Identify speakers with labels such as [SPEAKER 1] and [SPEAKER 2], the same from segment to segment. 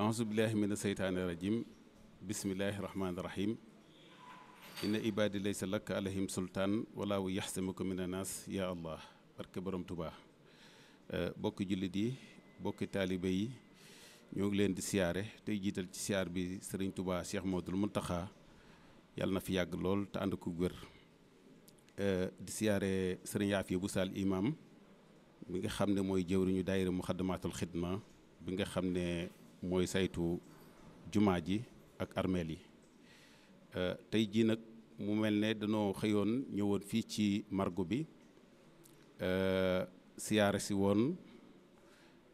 [SPEAKER 1] ahousubillahi min aseytaani rajim bismillahi rahmaani rahim inna ibaadi laysa lakk alayhim sultaan walaa wu yaxsimuka min annaas yaa allah barke borom tubaa eh, bokki jullit yi bokki taalibe yi ñoo ngi leen di siyaare tey jiital ci siyaar bi sëriñ tubaa cheikh modul muntaxa yàlla na fi yàgg lool te ànd ko wér eh, di siyaare sëriñ yaafiya bu saal imam bi nga xam ne mooy jëwriñu daayira muxaddamaatul xidma bi nga xam ne mooy saytu jumaa ji ak armeel yi euh, tey jii nag mu mel ne danoo xëyoon ñëwoon fii ci margo bi euh, siyaare si woon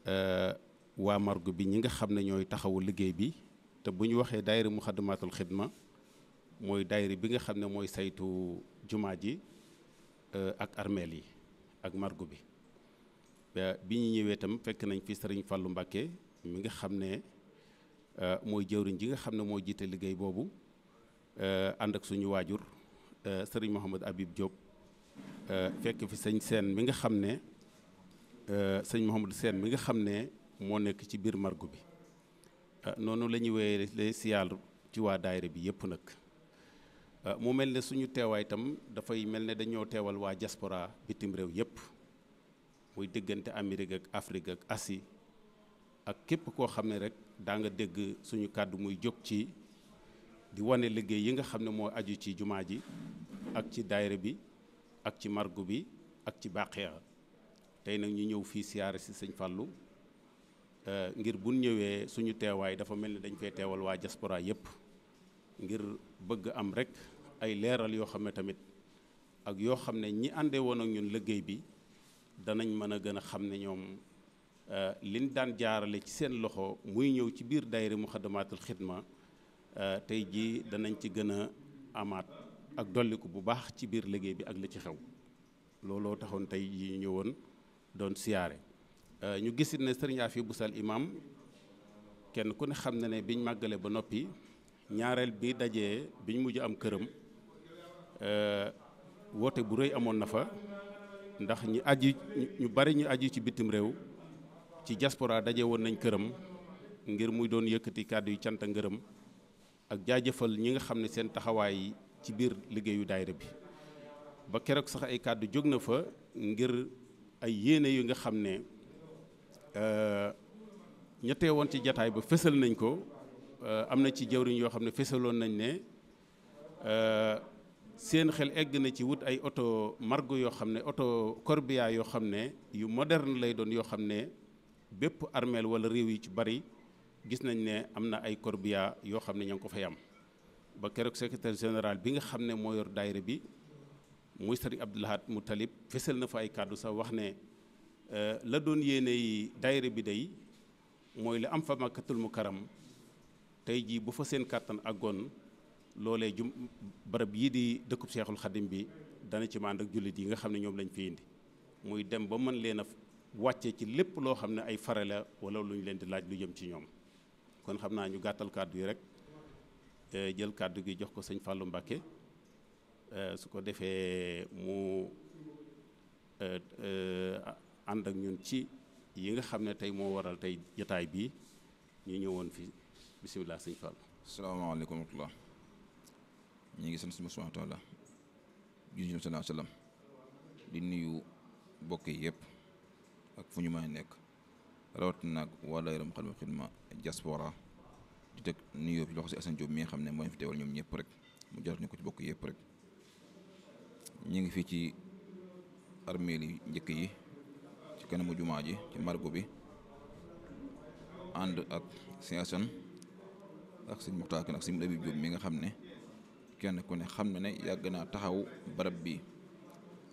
[SPEAKER 1] euh, waa margo bi ñi nga xam ne ñooy taxawu liggéey bi te bu ñu waxee daayira muxaddamaatul xidma mooy daayira bi nga xam ne mooy saytu jumaa ji ak armeel yi ak margo bi bi ñu ñëwee tam fekk nañ fi sëriñ Fàllu Mbàkke mi nga xam ne euh, mooy jëwriñ ji nga xam ne moo jiite liggéey boobu euh, ànd ak suñu waajur euh, sëriñ Mouhamad Habib Diop fekk fi sëñ seen mi nga xam ne sëñ Mouhamad seen mi nga xam ne moo nekk ci biir margo bi noonu la ñuy wéyale siyaal ci waa daayira bi yëpp nag mu mel ne suñu teewaay itam dafay mel ne dañoo teewal waa diaspora bitim réew yëpp muy diggante Amérique ak Afrique ak Asie ak képp koo xam ne rek daa dégg suñu kàddu muy jóg ci di wane liggéey yi nga xam ne mooy aju ci jumaa ji ak ci daayira bi ak ci margo bi ak ci bàqiya tey nag ñu ñëw fii siyaare si sëñ Fallou euh, ngir buñ ñëwee suñu teewaay dafa mel ni dañ fee teewal waa jasporaa yépp ngir bëgg am rek ay leeral yoo xam ne tamit ak yoo xam ne ñi àndee woon ñun liggéey bi danañ mën a gën a xam ne ñoom Euh, liñ daan jaarale ci seen loxo muy ñëw ci biir daayira Muxaddamaatul Xidma euh, tey jii danañ ci gën a amaat ak dolliku bu baax ci biir liggéey bi ak la ci xew looloo taxoon tey yi ñëwoon doon siyaare euh, ñu gisit ne sëriñ Afi Busal imam kenn ku ne xam na ne biñ màggale ba noppi ñaareel bi dajee biñ mujj am këram woote bu rëy amoon na fa ndax ñi aji ñu bari ñu aji ci bitim réew ci diaspora daje woon nañ këram ngir muy doon yëkkati kàddu yu cant ngërëm ak jaajëfal ñi nga xam ne seen taxawaay ci biir liggéeyu daayira bi ba keroog sax ay kàddu jóg na fa ngir ay yéene yu nga xam ne euh, ñettee woon ci jataay ba fésal nañ ko euh, am na ci jawriñ yoo xam ne fésaloon nañ ne euh, seen xel egg na ci wut ay oto margo yoo xam ne oto corbia yoo xam ne yu moderne lay doon yoo xam ne bépp armeel wala réew yi ci bari gis nañ ne am na ay corbia yoo xam ne ña ngi ko fay am ba keroog secrétaire général bi nga xam ne moo yor daayira bi muy sëriñ Abdou Lahad Moutalib fësal na fa ay kàddu sax wax ne euh, la doon yéene yi bi day mooy li am fa mu karam tey jii bu fa seen kàttan àggoon loolee jum barab yii di dëkkub seexul xadim bi dana ci mànd ak jullit yi nga xam ne ñoom lañ fi indi muy dem ba mën leen a wàcce ci lépp loo xam ne ay farala wala lu ñu leen di laaj lu jëm ci ñoom kon xam naa ñu gàttal kàddu yi rek eh, jël kàddu gi jox ko sëñ Fallou Mbacké eh, su ko defee mu eh, àndak ñun ci yi nga xam ne tey moo waral tey jataay bii ñu ñëwoon fi bisimilah sëñ Fallou. asalaamaaleykum wa rahmatulah ñu ngi sant suñu
[SPEAKER 2] subhanahu wa taala di nuyu mbokk yi yëpp. ak fu ñu mën nekk rawat nag waa daayiram xalma xidma diaspora di teg nuyoo bi loxo si Assane Diop mi xam ne moo fi teewal ñoom ñëpp rek mu jarat ni ko ci bokk yëpp rek ñu ngi fii ci armeel njëkk yi kanamu jumaa ji ci margo bi ànd ak si ak sëñ Muxtaar Kan ak mi nga xam ne kenn ku ne xam na ne yàgg naa taxaw barab bi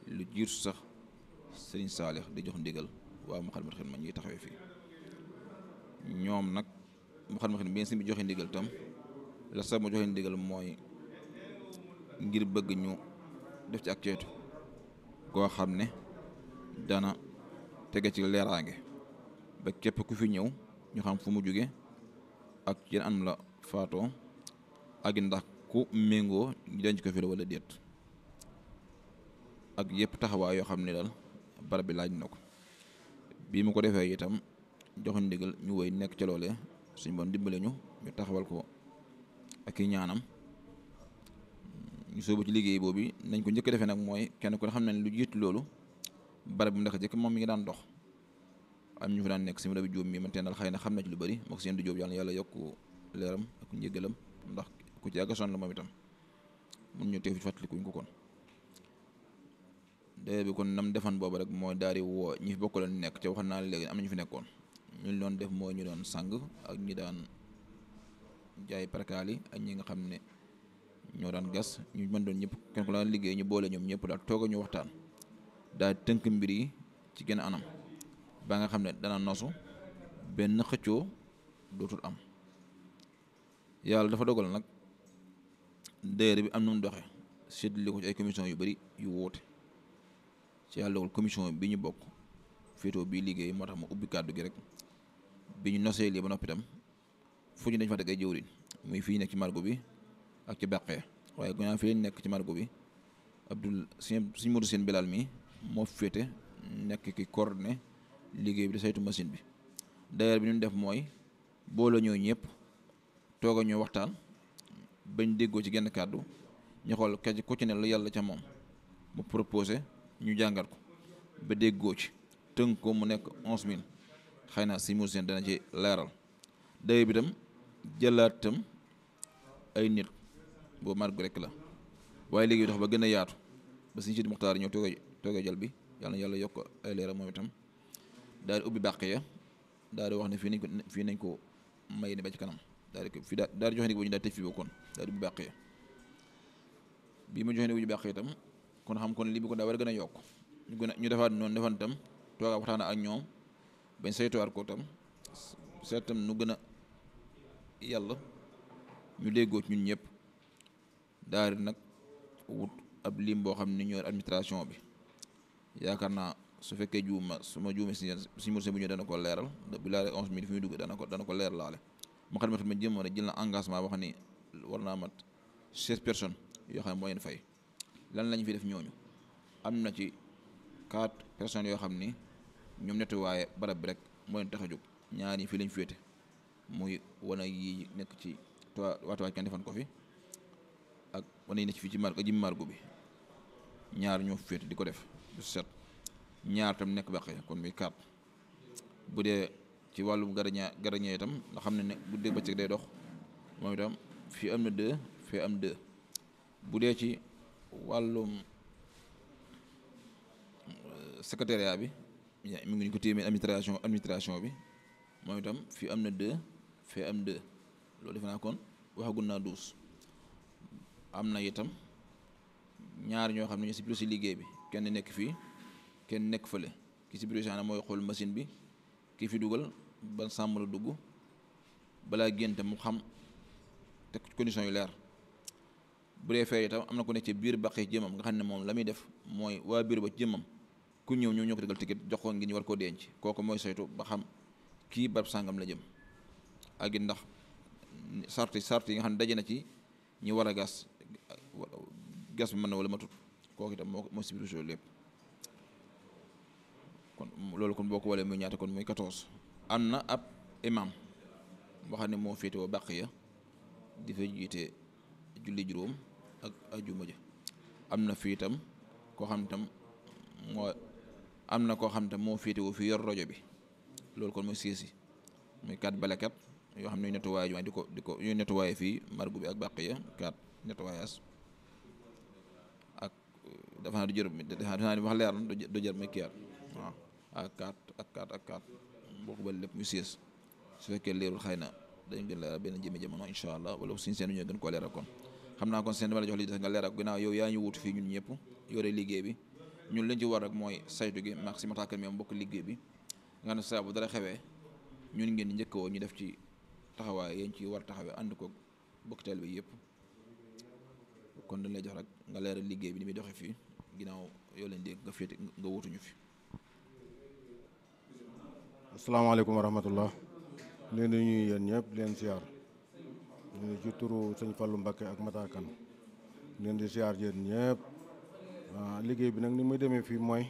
[SPEAKER 2] lu jiir sax sëñ Saalix di jox ndigal waaw waa Moukhaddamatoul Khidma ñuy taxawee fii ñoom nag Moukhaddamatoul Khidma bi sëñ bi joxe ndigal tam la sax mu joxe ndigal mooy ngir bëgg ñu def ci ak ceetu koo xam ne dana tege ci leeraange ba képp ku fi ñëw ñu xam fu mu jóge ak yéen am la faatoo ak ndax ku méngoo ñu denc ko fi la wala déet ak yëpp taxawaay yoo xam ne daal barab bi laaj na ko bii mu ko defee itam joxoon ndigal ñu woy nekk ca loolee suñ bon dimbale ñu ñu taxawal ko ak i ñaanam ñu soobu ci liggéey boobu nañ ko njëkk defee nag mooy kenn ko xam ne lu jiit loolu barab bi ndax jëkk moom mi ngi daan dox am ñu fa daan nekk si mu rabi jóob mi man teen daal xëy na xam na ci lu bari mook seen du jóob yàlla yàlla yokk leeram ak njëgalam ndax ku ci àggasoon la moom itam mun ñu teew ci fàttalikuñ ko kon daayira bi kon nam defan boobu rek mooy daal di woo ñi fi bokk leen nekk te wax naa léegi am na ñu fi nekkoon ñu doon def mooy ñu doon sang ak ñi daan jaay parkaal yi ak ñi nga xam ne ñoo daan gas ñu mën doon ñëpp kenn ku la liggéey ñu boole ñoom ñëpp daal toog ñu waxtaan daal tënk mbir yi ci genn anam ba nga xam ne dana nasu benn xëccoo dootul am yàlla dafa dogal nag daayira bi am na mu doxe séddale ci ay commission yu bari yu wóote ci yàlla ko commission bi ñu bokk féetoo bii liggéey moo tax ma ubbi kàddu gi rek bi ñu nosee lii ba noppi tam fu ñu dañ fa teg ay jëwriñ muy nekk ci margo bi ak ci bàqee waaye gannaaw fi nekk ci margo bi Abdoul Sëñ Sëñ Modou Sène Bilal mi moo féete nekk ki coordonné liggéey bi di saytu machine bi d'ailleurs bi ñu def mooy boole ñoo ñëpp toog a ñoo waxtaan bañ déggoo ci genn kàddu ñu xool ku ci ne la yàlla ca moom mu proposé ñu jàngat ko ba déggoo ci tënk ko mu nekk onze mille xëy na si museen dana ci laaral daye bi tam jëlaat ay nit boo margu rekk la waaye léegi tax ba gën a yaatu ba siñ siidi muxtaar ñëw toogee toogee jal bi yàlla yàlla yokk ay leeral moom itam daal di ubbi bàq ya daal di wax ne fii nañ ko fii nañ ko may ne ba ci kanam daal di fi daal joxe ne bu ñu daal tëj fi boo kon daal di ubbi bàq ya bi ma joxe ne bu ñu bàq itam kon xam kon li bi ko daa war a gën a yokk ñu gën a ñu defaat noonu defan tam toogaa waxtaan ak ñoom bañ saytuwaat ko tam seet nu gën a yàlla ñu déggoo ci ñun ñëpp daari nag wut ab lim boo xam ni ñoo administration bi yaakaar naa su fekkee juuma su ma juuma si si mursi bu ñëw dana ko leeral bu laale onze mille fi muy dugg dana ko dana ko leer laale ma xam ne ma jël na engagement wax ni war naa mat seize personnes yoo xam ne moo leen fay lan lañ fi def ñooñu am na ci quatre personnes yoo xam ni ñoom nettuwaaye barab bi rek moo leen tax jóg ñaar ñi fii lañ féete muy wane yi nekk ci Touba waatuwaay kenn defan ko fi ak wana yi nekk fii ci mar jim margo bi ñaar ñoo di ko def bu set ñaar tam nekk dee ci wàllum garaña garaña itam nga xam ne ne bu dee bëccëg day dox moom itam fii am na deux fii am deux bu dee ci wàllum euh, secrétariat bi mi ngi ñu ko téeméer administration bi mooy itam fii am na deux fee am deux loolu defe naa kon waxagul naa douze am na itam ñaar ñoo xam ne ñu si bureau si liggéey bi kenn nekk fii kenn nekk fële ki si bureau si mooy xool machine bi ki fi dugal ba sàmm la dugg balaa génn te mu xam te condition yu leer bu dee feer tam am na ku nekk ci biir baqi jëmmam nga xam ne moom la muy def mooy waa biir ba jëmmam ku ñëw ñoo ñoo ko tegal ticket jox ko ngir ñu war koo denc kooku mooy saytu ba xam kii barab sàngam la jëm ak ndax sart sart yi nga xam ne daje na ci ñi war a gas gas bi mën na wala matut kooku itam moo moo si biir lépp kon loolu kon boo ko walee muy ñaata kon muy katoos am na ab imam boo ne moo féetewoo bàq ya di fa jiite julli juróom ak ajuma ja am na fii itam koo xam tam moo am na koo xam tam moo féetewoo fi yor rajo bi loolu kon mooy siis yi muy kat yoo xam ne ñuy nettoyé jumaa di ko di ko ñuy fii margu bi ak bàq ya kat nettoyage ak dafa naa du jër wax leer na du jër muy kiyaat ak kat ak kat ak kat boo ko lépp muy siis su fekkee leerul xay na dañ gën la benn jëme jamono incha allah wala suñ seen ñoo gën koo leeral kon xam naa kon seen dama la jox li des nga leer ak ginnaaw yow yaa ñu wutu fii ñun ñëpp yore liggéey bi ñun lañ ci war rek mooy saytu gi maximum taakal mi mbokk liggéey bi nga ne saa bu dara xewee ñun ngeen njëkk woo ñu def ci taxawaay yéen ci war taxawee ànd ko bokk teel bi yëpp kon dañ lay jox rek nga leeral liggéey bi ni muy doxee fii ginnaaw yow lañ dégg nga féete nga wutuñu fi.
[SPEAKER 3] asalaamaaleykum wa rahmatullah leen di nuyu yéen ñëpp leen siyaar ci turu sëñ Fallou Mbacké ak Matar Kane leen di siyaar yéen ñëpp ah, liggéey bi nag ni muy demee fii mooy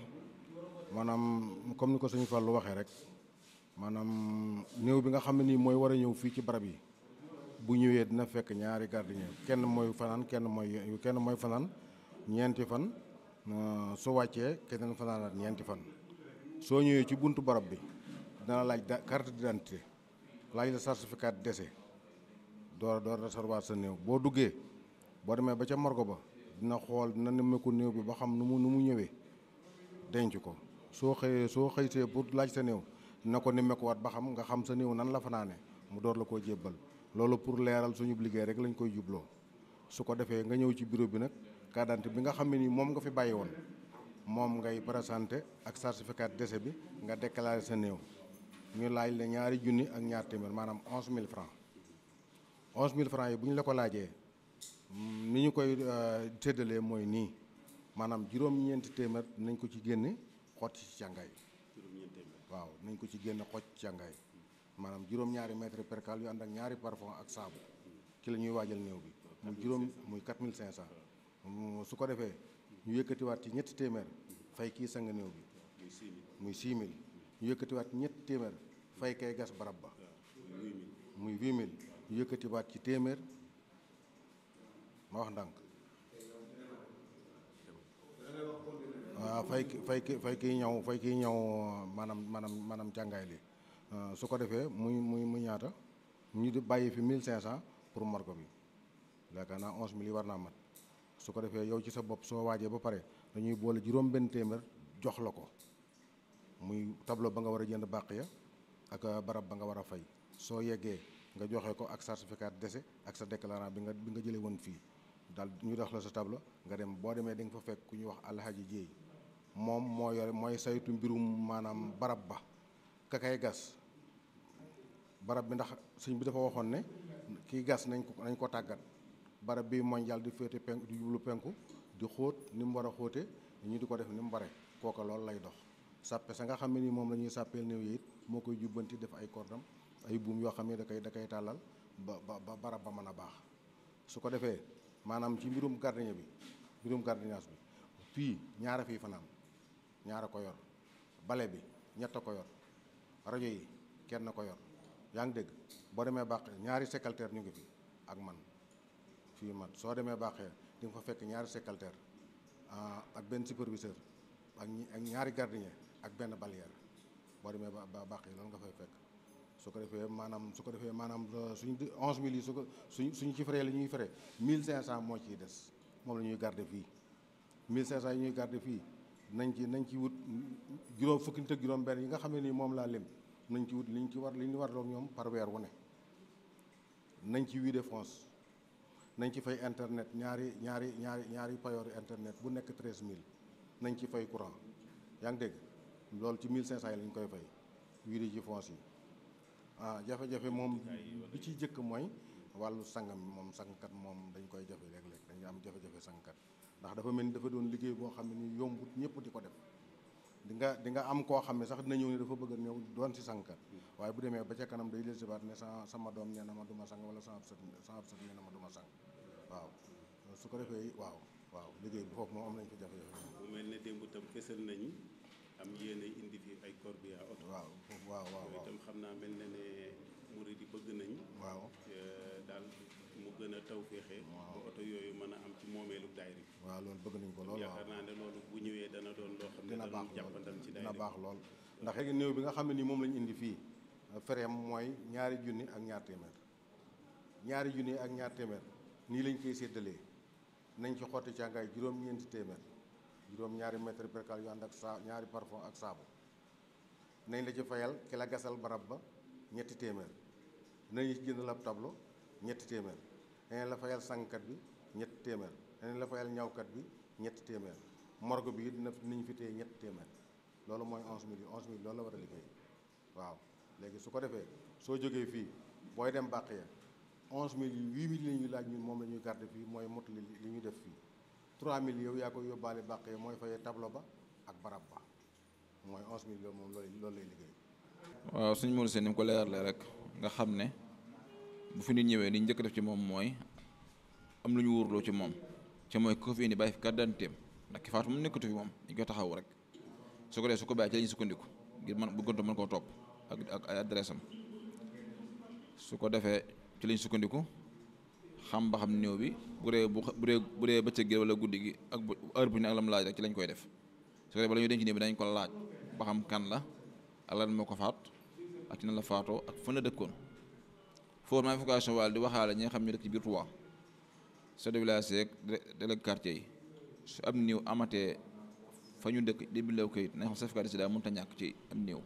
[SPEAKER 3] maanaam comme ni ko sëñ Fallou waxee rek maanaam néew bi nga xam ne nii mooy war a ñëw fii ci barab yi bu ñëwee dina fekk ñaari gardien kenn mooy fanaan kenn mooy kenn mooy fanaan ñeenti fan ah, su wàccee keneen fanaanaat ñeenti fan soo ñëwee ci buntu barab bi dana laaj carte d'identité laaj la certificat de décès door door réservoir sa néew boo duggee boo demee ba ca morgue ba dina xool dina nemmeeku néew bi ba xam nu mu nu mu ñëwee denc ko soo xëyee soo xëysee pour laaj sa néew na ko nemmeekuwaat ba xam nga xam sa néew nan la fanaane mu door la koo jébbal loolu pour leeral suñu liggéey rek lañu koy jubloo su ko defee nga ñëw ci bureau bi nag carte bi nga xam ne nii moom nga fi bàyyi woon moom ngay présenté ak certificat de décès bi nga déclaré sa néew ñu laaj la ñaari junni ak ñaar téeméer maanaam onze mille francs onze mille francs yi bu ñu la ko laajee ni ñu koy séddalee euh, mooy nii maanaam juróom-ñeenti téeméer nañ ko ci génne xot ci càngaay waaw nañ ko ci génne xot ci càngaay maanaam juróom-ñaari mètre percal yu ànd ak ñaari parfum ak saabu ki la ñuy waajal néew bi muy juróom muy quatre mille cinq cent su ko defee ñu yëkkatiwaat ci ñetti téeméer fay kii sang néew bi muy six mille ñu yëkkatiwaat ci ñetti téeméer fay kay gas barab ba muy huit mille ñu baat ci téeméer ma wax ndànk waaw ah, fay fay fay kiy ñëw fay kiy ñaw maanaam maanaam maanaam jàngaay li ah, su ko defee muy muy mu ñaata ñu di bàyyi fi cinq cent pour morgue bi yaakaar naa 11000 yi war naa mat su ko defee yow ci sa bopp soo waajee ba pare dañuy boole juróom-benn téeméer jox la ko muy tableau ba nga war a jënd bàq ya ak barab ba nga war a fay soo yeggee. nga joxe ko ak certificat décès ak sa déclarant bi nga bi nga jëlee woon fii daal ñu dox la sa tableau nga dem boo demee di nga fa fekk ku ñuy wax alhaji jéey moom moo yore mooy saytu mbirum maanaam barab ba kakay gas barab bi ndax sëñ bi dafa waxoon ne kii gas nañ ko nañ ko tàggat barab bi mondial di féete penku di jublu penku di xóot ni mu war a xóote ñu di ko def ni mu bare kooka loolu lay dox sàppe sa nga xam ne ni moom la ñuy sàppeel néew yi moo koy jubbanti def ay kordam ay buum yoo xam ne da koy da koy tàllal ba ba barab ba mën a baax su ko defee maanaam ci mbirum gardien bi mbirum gardiennage bi fii ñaara fii fanaan ñaara ko yor bale bi ñett a ko yor rajo yi kenn ko yor yaa ngi dégg boo demee baax ñaari secrétaire ñu ngi fi ak man fii man soo demee baaxee di nga fekk ñaari secrétaire ah, ak benn superviseur ak ñaari gardien ak benn balière boo demee ba baax yi loolu nga fay fekk su ko defee maanaam su ko defee maanaam euh, suñu onze mille yi su ko suñu suñu ci frais la ñuy frais mille cinq cent moo ciy des moom la ñuy garder fii mille cinq cent yi ñuy garder fii nañ ci nañ ci wut juróom fukki nit ak juróom benn yi nga xam ne nii moom laa lim nañ ci wut liñ ci war li ñu warloo ñoom par weer wu ne nañ ci huile de France nañ ci fay internet ñaari ñaari ñaari ñaari payoor internet bu nekk treize mille nañ ci fay courant yaa ngi dégg loolu ci mille cinq cent yi lañ koy fay huile ci yi waaw ah, jafe-jafe moom bi ciy jëkk mooy wàllu sangam moom sangkat moom dañ koy jafe léeg-léeg dañuy am jafe-jafe sangkat ndax dafa mel ni dafa doon liggéey boo xam ne ni yombut ñëpp di ko def di nga di nga am koo xam ne sax dina ni dafa bëgg a ñëw doon si sangkat waaye bu demee ba ca kanam day leen sibaat ne sa sama doom nee na ma du sang wala sama sët sama sët nee na ma du ma sang waaw su ko defee waaw waaw liggéey bi foofu moom am nañ ko jafe-jafe.
[SPEAKER 1] bu mel ne démb tam fësal nañ am yéene indi fi ay corbillard oto. waaw waaw waaw yooyu xam naa mel na ne murid yi bëgg nañ. waaw euh, daal mu gën a taw féexee. waaw ba oto yooyu mën a am ci moomeelu daayira bi.
[SPEAKER 3] waaw loolu bëgg nañ ko lool waaw naa ne bu ñëwee dana doon loo xam ne dana jàppandal ci daayira bi dina baax lool ndax léegi néew bi nga xam ne nii moom lañ indi fii fereem mooy ñaari junni ak ñaar téeméer ñaari junni ak ñaar téeméer nii lañ koy seddalee nañ ci xotti càngaay juróom-ñeenti téeméer juróom ñaari mètre percale yu ànd ak sa ñaari parfum ak saabu nañ la ci fayal ki la gasal barab ba ñetti téeméer nañ ci jëndal ab ñetti téeméer la fayal sàngkat bi ñetti téeméer nañ la fayal ñawkat bi ñetti téeméer morgue bi dina nañ fi téye ñetti téeméer loolu mooy onze mille onze mille loolu la war a liggéey waaw léegi su ko defee soo jógee fii booy dem bàq ya onze mille yi huit mille la laaj moom la ñuy garde fii mooy mot li li ñu def fii 3000 yow yaa koy yóbbaale bàq yi mooy fay tableau ba ak barab ba mooy 11000 yow moom loolu lay liggéey.
[SPEAKER 2] waaw suñu Modou Sène ni mu ko leeralee rek nga xam ne bu fi nit ñëwee li njëkk def ci moom mooy am lu ñu wóorloo ci moom ci mooy ko fi indi bàyyi fi carte ndax ki faatu mu nekkatu fi moom dañu koy taxaw rek su ko dee su ko bàyyi ci la sukkandiku ngir man bu gënto mën koo topp ak ak ay adresse su ko defee ci la sukkandiku. xam ba xam bi bu dee bu bu dee bëccëg gi wala guddi gi ak heure bu ñu ak lam laaj rek ci lañ koy def su ko bala ñu denc néew bi dañ ko laaj ba xam kan la lan moo ko faat ak ci la faatoo ak fan la dëkkoon foofu mafication waal di waxaale ñi nga xam ñu dëkk ci biir Touba chef de village yeeg délégué quartier yi su am néew amatee fa ñu dëkk di bindoo kayit nañ xam certificat de sida mënut a ñàkk ci am néew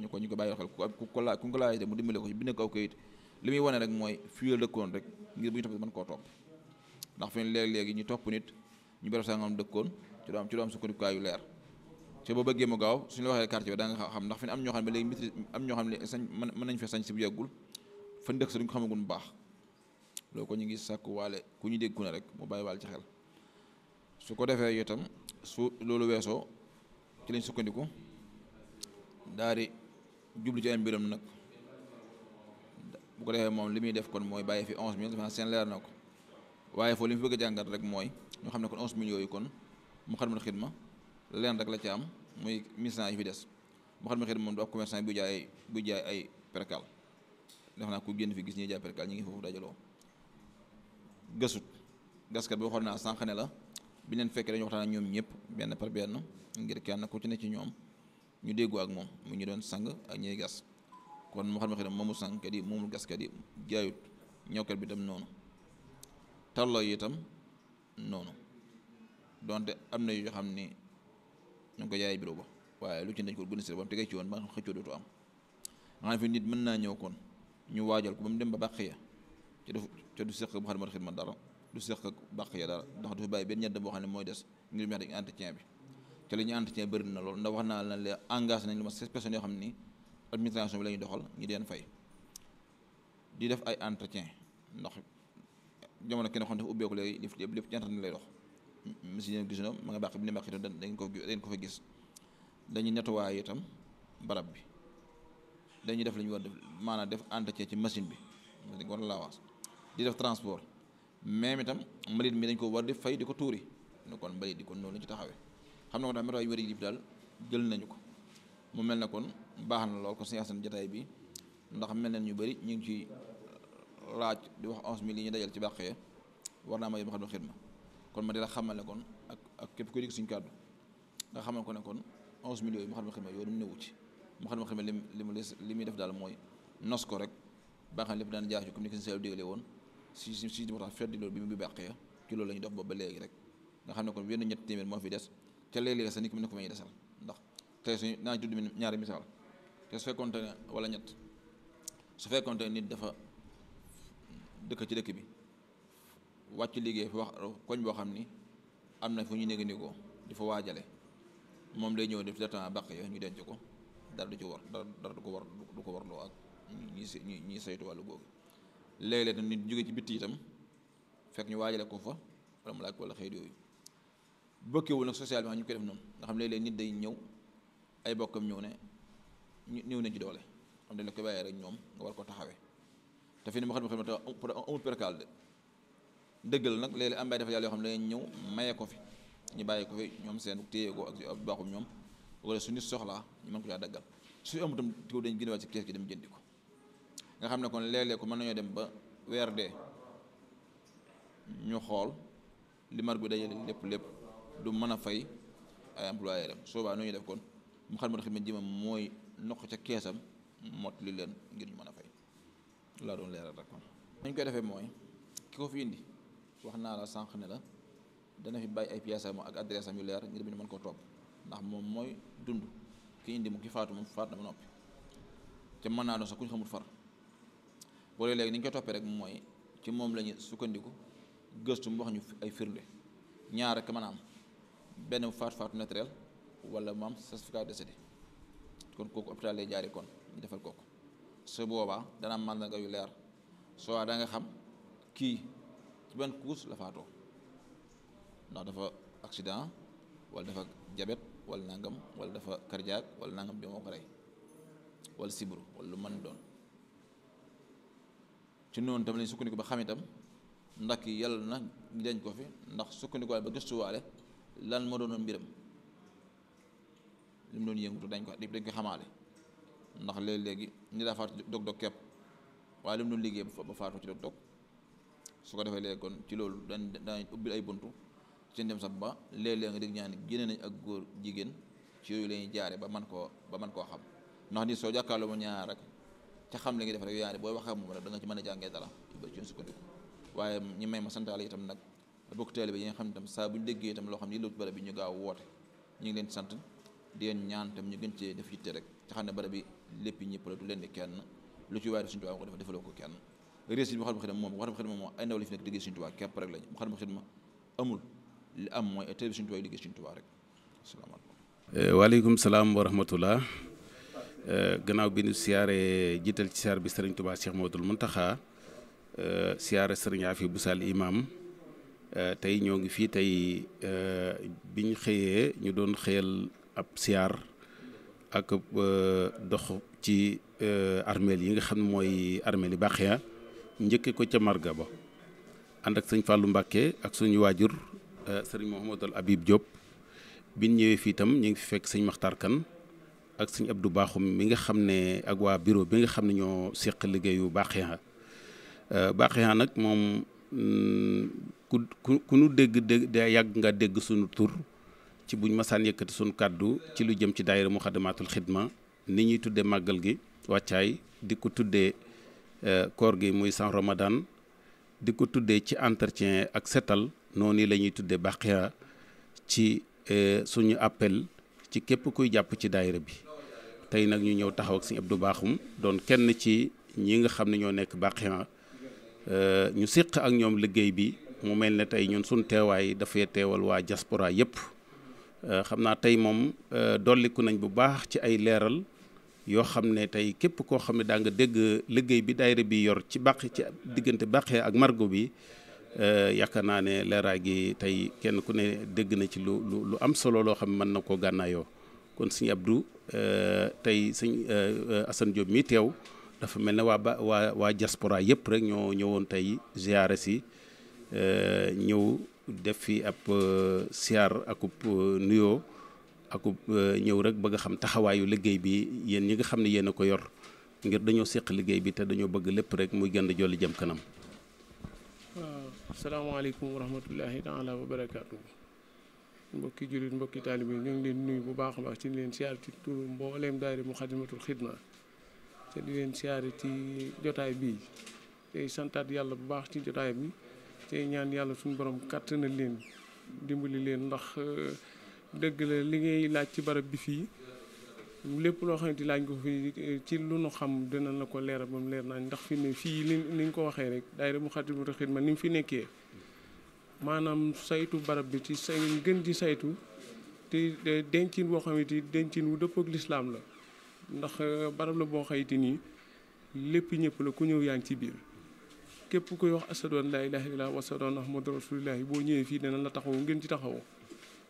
[SPEAKER 2] ñu ko ñu ko bàyyi xel ku ko laaj ku ko laajte mu dimbale ko ci bind ko aw kayit li muy wane rek mooy fii la dëkkoon rek ngir bu ñu topp mën koo topp ndax fi léeg-léegi ñu topp nit ñu berab sangam dëkkoon ci doo am ci doo am sukkandikukaay yu leer te boo bëggee mu gaaw suñu la waxee quartier bi da nga xam ndax fi am ñoo xam ne léegi maîtrise am ñoo xam ne sañ mën nañ fa sañ si bu yàggul fan dëkk sa duñ ko xamagul bu baax loo ko ñu ngi sàkku waale ku ñu dégg ku ne rek mu bàyyi waal ci xel su ko defee itam su loolu weesoo ci lañ sukkandiku daari jublu ci ay mbiram nag bu ko defee moom li muy def kon mooy bàyyi fi onze millions dafa seen leer na ko waaye foofu li mu fi bëgg jàngat rek mooy ñu xam ne kon onze millions yooyu kon Moukhaddamatoul Khidma leen rek la ci am muy missions yi fi des Moukhaddamatoul Khidma moom du ab commerçant bu jaay bu jaay ay percal naa ku génn fi gis ñuy jaay percal ñu ngi foofu dajaloo gasut gaskat bi waxoon naa sànq ne la bi leen fekkee dañu waxtaan ak ñoom ñëpp benn par benn ngir kenn ku ci ne ci ñoom ñu déggoo ak moom mu ñu doon sang ak ñuy gas kon mu xam ne moomu mu sànkat yi moomul gaskat yi jaayut ñëwkat bi tam noonu talloo yi itam noonu donte am na yoo xam ni ñu ngi ko jaayee bureau waaye lu ci dañ ko organisé ba mu tegee ci woon ba nga xëccoo dootu am maanaam fi nit mën naa ñëw kon ñu waajal ko ba mu dem ba bàq ya ca du ca du seq bu xadmat xidma dara du seq ak bàq ya dara ndax du fi bàyyi benn ñett boo xam ne mooy des ngir mu wax entretien bi ca li ñu entretien bëri na lool ndax wax naa la ne engagé nañ lu ma seize personnes yoo xam ni administration bi la ñuy doxal ñu deen fay di def ay entretien ndax jamono kenn xam dafa ubbeeku léegi def lépp lépp ci entretien lay dox monsieur gis na ma nga bàq bi ne bàq itam da ngeen ko da ko fa gis dañuy nettoyer itam barab bi dañuy def lañu ñu war def maanaam def entretien ci machine bi dañ ko war a di def transport même itam mbalit mi dañ ko war di fay di ko tuuri ne kon mbalit di kon noonu lañ ci taxawee xam na ko tax météo yu wér yi daal jël nañu ko mu mel na kon. baax na lool ko suñu asan jotaay bi ndax mel na ñu bëri ñu ngi ci laaj di wax onze mille yi ñu dajal ci bàqee war naa ma yóbbu xam xidma kon ma di la xamal ne kon ak ak képp kuy dégg suñu kàddu nga xam xidma yoonu mu newu ci mu xam xidma li mu li muy def daal mooy nos ko rek ba nga xam ne lépp woon si si si moo tax feddi loolu bi mu bi bàqee ci loolu la ñu dox kon moo fi des te léeg ne ko may desal ndax te suñu naa tudd ñaari misaal te su fekkoonte ne wala ñett su fekkoonte nit dafa dëkk ci dëkk bi wàcc liggéey fi wax koñ boo xam ni am na foo ñu néegi ni di fa waajale moom day ñëw def datamp bàq yo ñu denc ko dara du ci war dara du ko war du ko warloo ak ñu ñi saytu wàllu googu léeg-léeg tam nit jóge ci bitti itam fekk ñu waajale ko fa wala mu laaj wala xëy yooyu bëkkewul nag social bi ñu koy def noonu nga xam léeg nit day ñëw ay bokkam ñëw ne ñëw nañ ci doole xam dañ la koy bàyyee rek ñoom nga war ko taxawee te fi ne ma xam ne amul percal de dëggal nag léeg-léeg am bay dafa yàlla yoo xam ne dañuy ñëw maye ko fi ñu bàyyi ko ñoom seen téye ak baaxum ñoom wala su soxlaa ñu mën ko caa daggal su am itam tiw dañ génnewaat ci kees gi dem jëndi ko nga xam ne kon léeg ko mën nañoo dem ba weer de ñu xool limar mar bi dajale lépp lépp du mën a fay ay employé dem soobaa nu ñu def kon mu xam ma xidma jimam mooy noq ca keesam mot li leen ngir ñu mën a fay laa doon leeral rek
[SPEAKER 3] nañ koy defee mooy
[SPEAKER 2] ki ko fi indi wax naa la sànq ne la dana fi bàyyi ay pièces am ak adresse am yu leer ngir bi ñu mën koo topp ndax moom mooy dund ki indi mu ki faatu moom faatu na ba noppi te mën naa doon sax ku ñu xamul far boole léegi ni ñu koy toppee rek mooy ci moom la sukkandiku gëstu mu wax ñu ay firnde ñaar rek mën a am benn faatu faatu naturel wala mu am certificat de décès kon kooku hôpital lay jaari kon ñu defal kooku su boobaa dana am màndarga yu leer soo waa da nga xam kii ci ban couche la faatoo ndax dafa accident wala dafa jabet wala nangam walla dafa cardiaque wala nangam bi moo ko rey wala sibru wala lu man doon ci noonu tam lañ sukkandiku ba xam itam ndax yàlla na ñu denc ko fi ndax sukkandikuwaale ba gëstuwaale lan moo doonoon mbiram li mu doon yëngatu dañ ko dañ ko xamaale ndax léeg-léegi ni daa faatu dog dog kepp waaye li mu doon liggéey ba faatoo ci dog dog su ko defee léegi kon ci loolu dañ dañ ubbil ay buntu ci dem sax ba léeg-léeg nga dégg ñaan génne nañ ak góor jigéen ci yooyu la jaare ba man koo ba man koo xam ndax ni soo jàkkaarloo ma ñaar rek ca xam li ngi def rek yaani booy waxee moom rek da nga ci mën a jàngee dara ba ci sukkandiku waaye ma santaale itam nag bokk teel bi yi nga xam ne itam saa bu ñu déggee itam loo xam ne yëlawut barab bi ñu gaaw woote ñu ngi leen sant di leen ñaan tam ñu gën cee def yitte rek ci xam ne barab bi lépp ñëpp la du leen di kenn lu ci waaye def suñu tubaab ko defaloo ko kenn réussite bi mu xadam xidma moom mu xadam xidma moom ay ndaw la fi nekk liggéey suñu tubaab képp rek lañu mu xadam amul li am mooy télé suñu tubaab liggéey suñu tubaab rek asalaamaaleykum
[SPEAKER 1] eh, waaleykum salaam wa rahmatullah eh, gannaaw bi ñu siyaare jiital ci siyaar bi sëriñ Tuubaa Cheikh Maodul Muntaxa eh, siyaare sëriñ Afi Busaal imam tey ñoo ngi fii tey biñ xëyee ñu doon xëyal ab siyaar ak euh, dox ci euh, armeel yi nga xam ne mooy armeel yi Baxiya njëkkee ko ca Marga ba ànd ak sëñ fàllu Mbacké ak suñu waajur euh, sëriñ Mouhamadou Habib Diop biñ ñëwee fii itam ñu ngi fi fekk sëñ Makhtar ak sëñ Abdou Bakhoum mi nga xam ne ak waa bureau bi nga xam ne ñoo seq liggéeyu Baxiya Baxiya nag moom mm, ku ku nu dégg dégg da yàgg nga dégg suñu tur ci buñ masaan yëkkati suñu kàddu ci lu jëm ci daayira muxadamatul xidma ni ñuy tuddee màggal gi wàccaay di ko tuddee eh, koor gi muy san ramadan di ko tuddee ci entretien ak setal noonu la ñuy tuddee baqiya ci eh, suñu appel ci képp kuy jàpp ci daayira bi tey nag ñu ñëw taxaw ak Sëriñ Abdou Bakhoum doon kenn ci ñi nga xam ne ñoo nekk baqiya eh, ñu séq ak ñoom liggéey bi mu mel ne tey ñun suñ teewaay dafay teewal waa diaspora yépp Euh, xam naa tey moom euh, dolliku nañ bu baax ci ay leeral yoo xam ne tey képp koo xam ne daa dëgg liggéey bi daayira bi yor ci bàq ci diggante bàqee ak margo bi euh, yaakaar naa ne leeraay gi tey kenn ku ne dëgg na ci lu lu am solo loo xam ne mën na koo gànnaayoo kon sëñ Abdou tey sëñ Assane Diop mi teew dafa mel ne waa ba waa waa diaspora yëpp rek ñoo ñëwoon tey ziyaare si ñëw. def fi ab euh, siyaar akub euh, nuyoo akub euh, ñëw rek bëgg a xam taxawaayu liggéey bi yéen ñi nga xam ne yéen a ko yor ngir dañoo seq liggéey bi te dañoo bëgg lépp rek muy gën jolli jëm kanam.
[SPEAKER 4] waaw salaamaaleykum wa rahmatullahi taala wa barakaatu mbokki jullit mbokki taalibe ñu ngi leen nuyu bu baax a baax ci leen siyaar ci turu mbooleem daayira Muxaddamatul Xidma te di leen siyaare ci jotaay bii tey santaat yàlla bu baax ci jotaay bi. tey ñaan yàlla boroom kàtt kàttanal leen dimbali leen ndax euh, dëgg la li ngay laaj ci barab bi fii lépp loo xamante laaj ko fi euh, ci lu nu xam dina la ko leeral ba mu leer naa ndax fi ne fii li ni ñu ko waxee rek daayira Moukhaddamatoul Khidma ni mu fi nekkee maanaam saytu barab bi ci say gën di saytu te dencin boo xamante ni dencin wu dëppoo lislaam la ndax euh, barab la boo xayti nii lépp ñëpp la ku ñëw yaa ngi ci biir képp kuy wax ashadu la laa ilaaha illallaah wa ashadu anna muhammadan rasuulullaah boo ñëwee fii dana la taxaw ngeen ci taxaw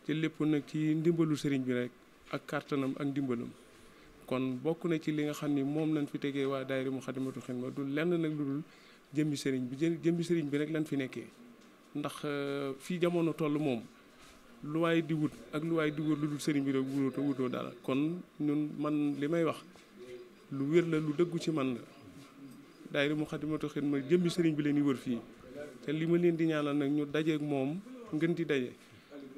[SPEAKER 4] ci lépp nag ci ndimbalu sëriñ bi rek ak kartanam ak ndimbalam kon bokk na ci li nga xam ni moom lañ fi tegee waa daayira Muxaddamatul Xidma du lenn nag lu dul jëmmi sëriñ bi jëmmi sëriñ bi rek lañ fi nekkee ndax euh, fii jamono toll moom lu waay di wut ak lu waay di wut lu dul sëriñ bi rek wutoo wutoo dara kon ñun man li may wax lu wér la lu dëggu ci man la daayira Muxaddamatul Xidma jëmmi sëriñ bi leen di wër fii te li ma leen di ñaanal nag ñu dajeek moom ngeen di daje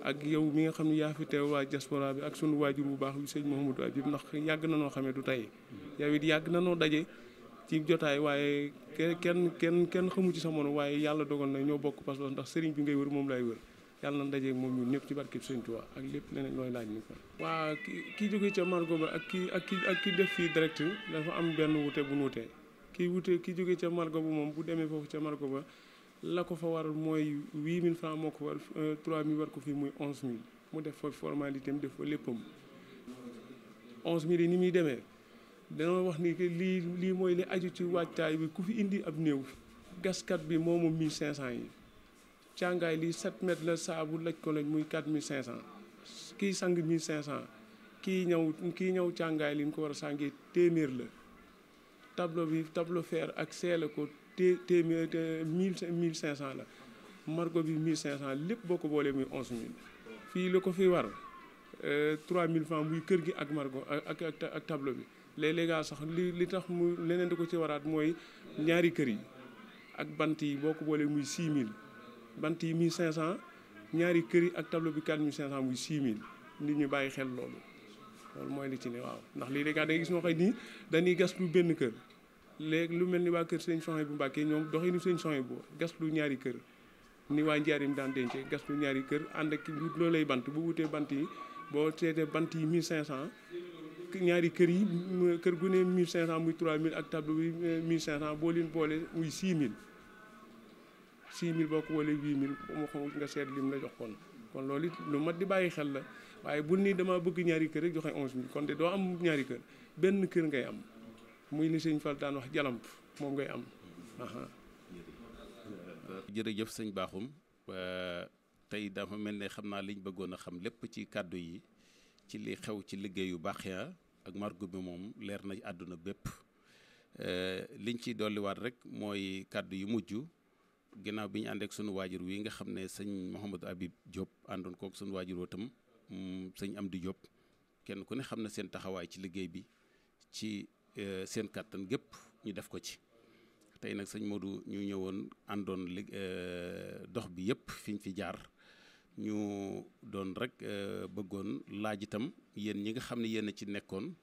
[SPEAKER 4] ak yow mi nga xam ne yaa fi teew waa diaspora bi ak sunu waajur bu baax bi sëñ Mouhamadou Habib ndax yàgg na noo xamee du tey yow it yàgg na noo daje ci jotaay waaye kenn kenn kenn xamu ci sa mono waaye yàlla dogal na ñoo bokk parce que ndax sëriñ bi ngay wër moom laay wër yàlla na dajeeg moom ñun ñëpp ci barkeb sëñ Tuubaa ak lépp leneen looy laaj ñu ko. waa ki ki jógee ca Margo ba ak ki ak ki ak ki def fii direct dafa am benn wute bu nu wutee ki wute ki jóge ca Margo bu moom bu demee foofu ca Margo ba la ko fa waral mooy mille francs moo ko war 3000 euh, war ko fii muy 11000 mu def fa formalité am def fa léppam 11000 yi ni muy demee danoo wax ni que lii lii mooy li aju ci waajtaay bi ku fi indi ab néew. gaskat bi moo moom cent yi càngaay lii 7 mètres la saabu laj ko lañ muy 4500 kii sang 1500 kii ñëw kii ñëw càngaay li mu ko war a sàngee téeméer la. tableau bi tableau fer ak seela ko té téeméer mille cinq cent la margo bi mille cinq cent lépp boo ko boolee muy onze mille fii la ko fi war euh, trois mille francs buy kër gi ak margo ak ak tableau bi léeg-léeg sax li li tax mu leneen di ko ci waraat mooy ñaari kër yi ak bant yi boo ko boolee muy six mille bant yi mille cinq cent ñaari kër yi ak tableau bi quatre mille cinq cent muy six mille nit ñu bàyyi xel loolu loolu mooy li ci ne waaw ndax léeg-léeg da gis ñoo xam ni dañuy gas benn kër léegi lu mel ni waa kër sëñ Sohaybu Mbàkke ñoom doxinu sëñ Sohaybu gas lu ñaari kër ni waa njaarim daan dencee gas lu ñaari kër ànd ak loolu lay bant bu wutee bant yi boo seetee bant yi 1500 ñaari kër yi kër gu ne 1500 muy 3000 ak tableau bi 1500 boo leen boole muy 6000 6000 boo ko wala 8000 moo xam nga seet lim la jox kon kon loolu it lu mat di bàyyi xel la waaye bu ni dama bëgg ñaari kër rek joxe 11000 kon de doo am ñaari kër benn kër ngay am. muy li sëñ Fall daan wax jalamp moom ngay am.
[SPEAKER 1] jërëjëf sëñ Bakhoum tey dafa mel ne xam naa liñ bëggoon a xam lépp ci kàddu yi ci li xew ci liggéeyu Bakhya ak margo bi moom leer na àdduna bépp liñ ciy dolliwaat rek mooy kàddu yu mujj ginnaaw bi ñu ànd ak sunu waajur wi nga xam ne sëñ Mouhamadou Habib Diop àndoon kook suñu waajur itam mm, sëñ di Diop kenn ku ne xam na seen taxawaay ci liggéey bi ci. Euh, seen kàttan gépp ñu def ko ci tey nag sëñ Modou ñu ñëwoon àndoon li euh, dox bi yëpp fi ñu fi jaar ñu doon rek euh, bëggoon laaj itam yéen ñi nga xam ne yéen a ci nekkoon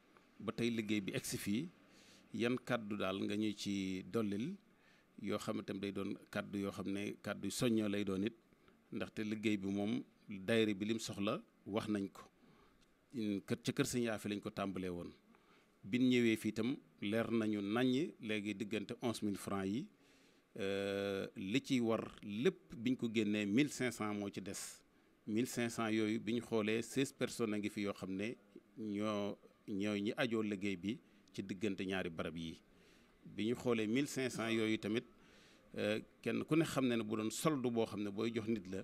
[SPEAKER 1] ba tey liggéey bi egg si fii yan kàddu daal nga ñu ci dollil yoo xam ne day doon kàddu yoo xam ne kàddu soññoo lay doon it ndaxte liggéey bi moom daayira bi lim soxla wax nañ ko kër ca kër sëñ fi lañ ko tàmbalee woon bin ñëwee fii itam leer nañu naññ léegi diggante onze mille francs yi euh, li ci war lépp biñ ko génnee mille cinq cent moo ci des mille cinq cent yooyu bi ñu xoolee seize personnes a ngi fi yoo xam ne ñoo ñooy ñi ajoo liggéey bi ci diggante ñaari barab yi bi ñu xoolee mille cinq cent yooyu tamit euh, kenn ku ne xam ne ne bu doon solde boo xam ne booy jox nit la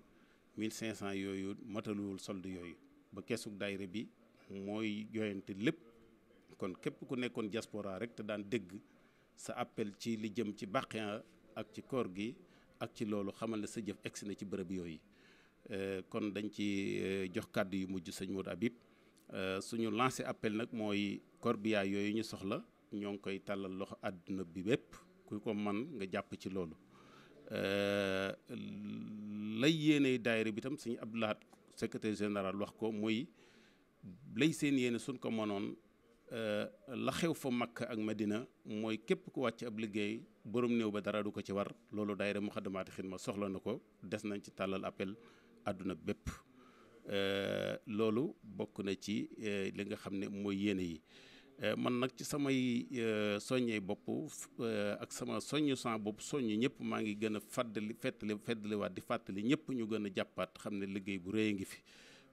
[SPEAKER 1] mille cinq cent yooyu mataluwul sold yooyu ba keesug daayira bi mooy joyante lépp kon képp ku nekkoon diaspora rek te daan dégg sa appel ci li jëm ci bàqiyan ak ci koor gi ak ci loolu xamal ne sa jëf egsi na ci bërëb yooyu euh, kon dañ ci euh, jox kàddu yu mujj sëñ Modou Habib euh, suñu lancé appel nag mooy corbillard yooyu ñu soxla ñoo ngi koy tàllal loxo àdduna bi bépp ku ko man nga jàpp ci loolu lay yéene daayira bi tam suñu Abdoulahat secretaire général wax ko muy lay seen yéene suñ ko mënoon Euh, la xew fa Makka ak Madina mooy képp ku wàcc ab liggéey borom néew ba dara du ko ci war loolu daayira Muxaddamaatul ma soxla na ko des nañ ci tàllal appel àdduna bépp euh, loolu bokk na ci euh, li nga xam ne mooy yéene yi man nag ci samay soññee bopp ak sama soññu sans bopp soññu ñëpp maa ngi gën a fàttali fettali fettaliwaat di fàttali ñëpp ñu gën a jàppaat xam ne liggéey bu rëy a ngi fi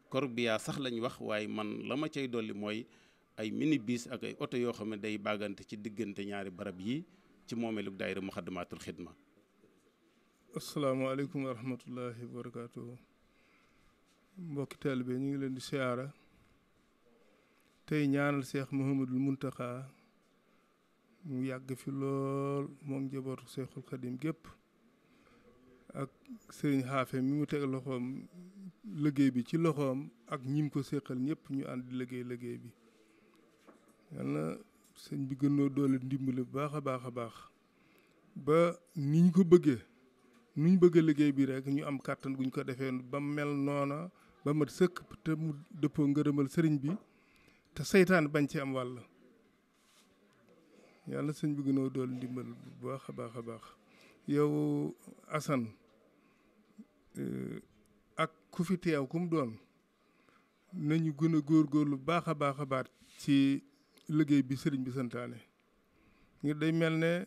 [SPEAKER 1] kor bi yaa sax lañ wax waaye man la ma cay dolli mooy ay mini bis ak ay oto yoo xam ne day bàggante ci diggante ñaari barab yi ci moomeelu daayira Muxaddamaatul Xidma
[SPEAKER 5] asalaamaaleykum wa rahmatullahi wa mbokki taalibe ñu ngi leen di siyaara tey ñaanal seex Muhammadul Muntaxa mu yàgg fi lool moom njabootu seexul xadim gépp ak sëriñ xaafe mi mu teg loxoom liggéey bi ci loxoom ak ñim ko séqal ñëpp ñu ànd liggéey liggéey bi yal na sëñ bi gën noo doole ndimbali bu baax a baax a baax ba ni ñu ko bëggee nu ñu bëgg liggéey bi rek ñu am kàttan guñ ko defee ba mel noona ba mat sëkk te mu dëppoo ngërëmal sëriñ bi te seytaan bañ ci am wàll yàlla sëñ bi gënoo dool ndimbal bu baax a baax a baax yow Assane e, ak ku fi teew ku mu doon nañu gën a góorgóorlu baax a baax a baat ci liggéey bi sëriñ bi santaane ngir day mel ne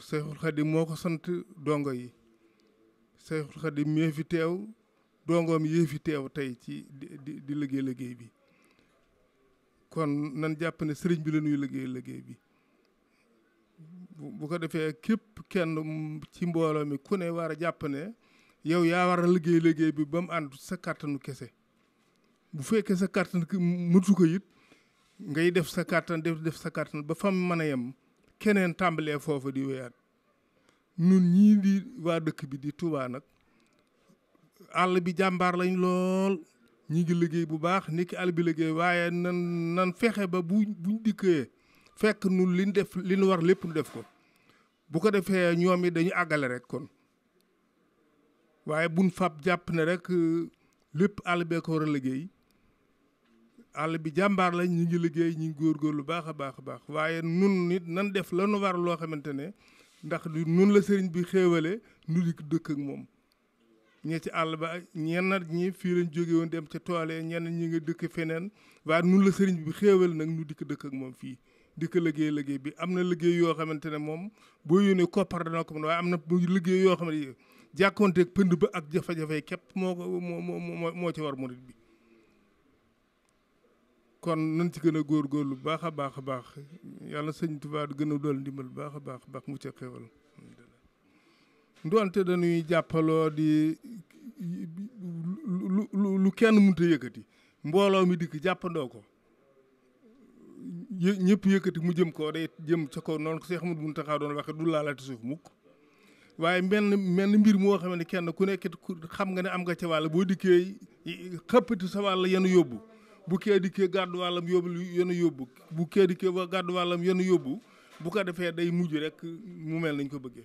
[SPEAKER 5] Seexul Xadim moo ko sant dongo yi Seexul Xadim mi fi teew dongoom yi fi teew tey ci di di liggéey liggéey bi kon nan jàpp ne sëriñ bi la ñuy liggéey liggéey bi bu ko defee képp kenn ci mbooloo mi ku ne war a jàpp yow yaa war a liggéey liggéey bi ba mu ànd sa kàttanu kese bu fekkee sa kàttan mëtu ko it ngay def sa kàttan def def sa kàttan ba fam mën a yem keneen tàmbalee foofa di wéyaat nun ñii di waa dëkk bi di tuubaa nag àll bi jàmbaar lañ lool ñi ngi liggéey bu baax ni àll bi liggéey waaye nan nan fexe ba bu buñ dikkee fekk nun liñ def li ñu war lépp nu def ko bu ko defee ñoom it dañu àggale rek kon waaye buñ fab jàpp ne rek lépp àll bee ko war a liggéey àll bi jàmbaar lañ ñu ngi liggéey ñu ngi góorgóorlu baax a baax a baax waaye nun nit nan def la nu war loo xamante ne ndax du nun la sëriñ bi xéewale nu di dëkk ak moom ñee ci àll ba ñenn ñi fii lañ jóge woon dem ca toole ñenn ñi ngi dëkk feneen waaye nun la sëriñ bi xéewal nag nu dikk dëkk ak moom fii dikk ko liggéey liggéey bi am na liggéey yoo xamante ne moom boo yónnee koppar dana ko mën waaye am na liggéey yoo xam ne jàkkoonteeg pënd ba ak jafe képp moo ko moo moo moo ci war murit bi kon nañ ci gën a góor góorgóorlu baax a baax a baax yàlla sëñ Tuubaa gën a dool ndimbal baax a baax baax mu ca xewal doonte dañuy jàppaloo di lu lu kenn mënta yëkkati mbooloo mi dikk jàppandoo ko ñëpp yëkkati mu jëm koo day jëm ca kaw noonu ko Seex Ahmadu Muntaxa doon waxe du laalati suuf mukk waaye mel mel mbir moo xam ne kenn ku nekk xam nga ne am nga ca wàll boo dikkee xëppati sa wàll yenu yóbbu bu kee dikkee gàddu wàllam yóbbu yenu yóbbu bu kee dikkee gàddu wàllam yenu yóbbu bu ko defee day mujj rek mu mel nañ ko bëggee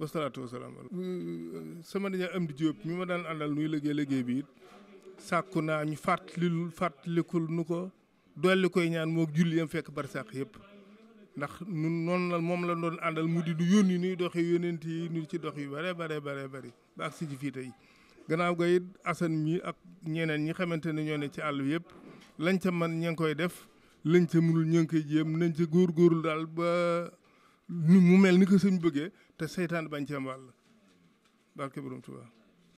[SPEAKER 5] wasalaatu wasalaam euh, sama dañaa am di Diop mi ma daan àndal nuy liggéey liggéey bi it sàkku naa ñu fàttalilu fàttalikul nu ko dolli koy ñaan moo julli yam fekk barsàq yëpp ndax nun noonu la moom la doon àndal mu di du yónni nuy doxe yónent yi nu ci dox yu bare bare bare bëri ba ak si ci fii tey gannaaw ga it Assane mi ak ñeneen ñi xamante ne ñoo ne ci àll yëpp lañ ca man ña ngi koy def lañ ca mënul ña ngi koy jéem nañ góor góorgóorlu daal ba mu mel ni ko sëñ bëggee te seytaan bañ ca mbàll barke borom Tuubaa